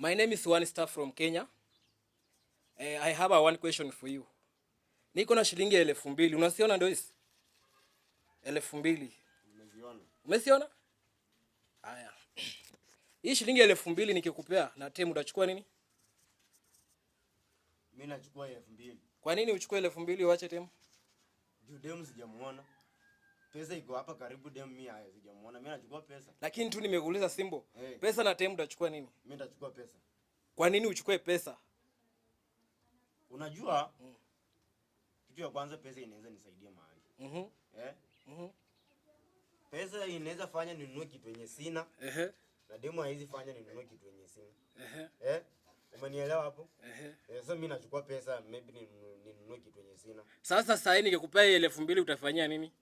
My name is One Star from Kenya. Eh, I have a one question for you. Niko na shilingi elfu mbili. Unasiona ndio hizi? Elfu mbili. Umeziona? Umesiona? Aya. Hii shilingi elfu mbili nikikupea na temu utachukua nini? Mimi nachukua elfu mbili. Kwa nini uchukue elfu mbili uache temu? Juu demu sijamuona pesa iko hapa karibu dem, mimi haya sijamuona. Mimi nachukua pesa. Lakini tu nimekuuliza Simbo. Hey. Eh. Pesa na time utachukua nini? Mimi nitachukua pesa. Kwa nini uchukue pesa? Unajua? Mm. Kitu ya kwanza pesa inaweza nisaidia mahali. Mhm. Mm eh? Mhm. Mm pesa inaweza fanya ninunue kitu yenye sina. Eh. Uh -huh. Na demo haizi fanya ninunue kitu yenye sina. Eh. Uh -huh. Eh? Umenielewa hapo? Ehe. Eh, sasa mimi nachukua pesa maybe ninunue kitu yenye sina. Sasa sasa hivi nikikupea 2000 utafanyia nini?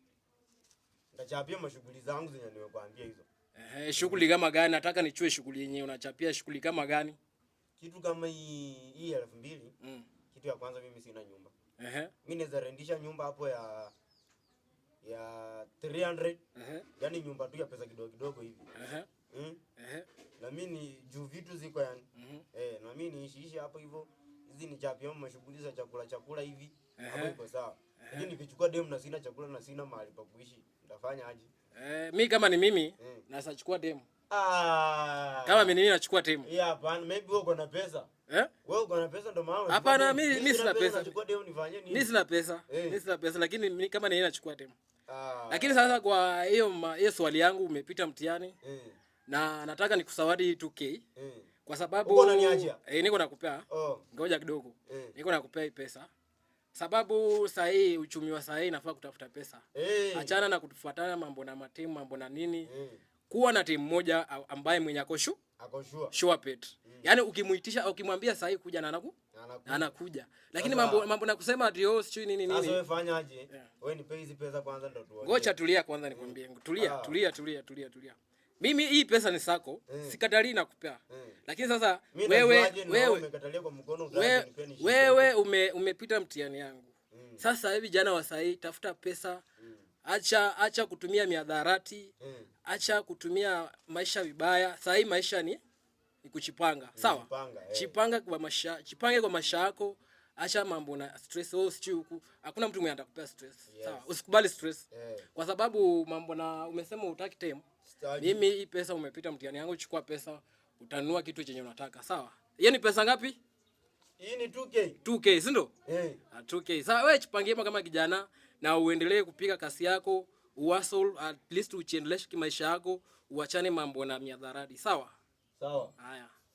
Nachapia mashughuli zangu zenye nimekwambia hizo. Eh, shughuli kama gani? Nataka nichue shughuli yenyewe unachapia shughuli kama gani? Kitu kama hii hii elfu mbili. Mm. Kitu ya kwanza mimi sina nyumba. Ehe. Mimi naweza rendisha nyumba hapo ya ya 300. Ehe. Yaani nyumba tu ya pesa kidogo kidogo hivi. Ehe. Mm. Ehe. Na mimi ni juu vitu ziko yani. Mm -hmm. Eh, na mimi niishi hapo hivyo kipindi cha hapo mmeshughuliza za chakula chakula hivi hapo iko sawa. Lakini nikichukua demu na sina chakula na sina mahali pa kuishi, nitafanya aje? Eh, mimi kama ni mimi eh, na sachukua demu. Ah. Kama mimi ni nachukua demu. Yeah, hapana, maybe wewe uko na pesa. Eh? Wewe uko na pesa ndo maana. Hapana, mimi mimi sina pesa. Nachukua demu nifanye nini? Mimi sina pesa. Mimi eh. sina pesa lakini mimi kama ni nachukua demu. Ah. Lakini sasa kwa hiyo hiyo swali yangu umepita mtihani. Eh. Na nataka nikusawadi 2K. Eh. Kwa sababu uko unaniacha. Eh, niko nakupea. Oh. Ngoja kidogo. Eh. Niko nakupea hii pesa. Sababu saa hii uchumi wa saa hii nafaa kutafuta pesa. Eh. Achana na kutufuatana mambo na matimu, mambo na nini. Eh. Kuwa na timu moja ambaye mwenye ako sure. sure. Sure bet. Mm. Yaani ukimuitisha au ukimwambia saa hii kuja na anaku anakuja. anakuja. Lakini mambo mambo na kusema ndio oh, sio nini nini. Sasa wewe fanyaje? Yeah. Wewe nipe hizi pesa kwanza ndio tuone. Ngoja tulia kwanza nikwambie. Mm. Tulia, ah. tulia, tulia, tulia, tulia. Mimi hii pesa ni sako mm. Sikatalii na kupea mm. Lakini sasa wewe wewe wewe ume, umepita mtihani yangu mm. Sasa hivi jana wa sahii tafuta pesa mm. Acha acha kutumia miadharati mm. Acha kutumia maisha vibaya. Sahii maisha ni, ni kuchipanga Sawa Chipanga, eh. Chipanga kwa chipange kwa maisha yako Acha mambo na stress wewe, oh, sijui huku hakuna mtu mwenye atakupea stress yes. Sawa, usikubali stress yeah kwa sababu mambo na umesema utaki time. Mimi hii pesa umepita mtihani yangu, chukua pesa utanua kitu chenye unataka sawa. Hiyo ni pesa ngapi? Hii ni 2K. 2K, si ndio? Eh. 2K. Ah, sawa, wewe chipangie kama kijana na uendelee kupiga kasi yako, uhustle at least uchendeleshe kimaisha yako, uachane mambo na miadharadi, sawa? Sawa. Haya.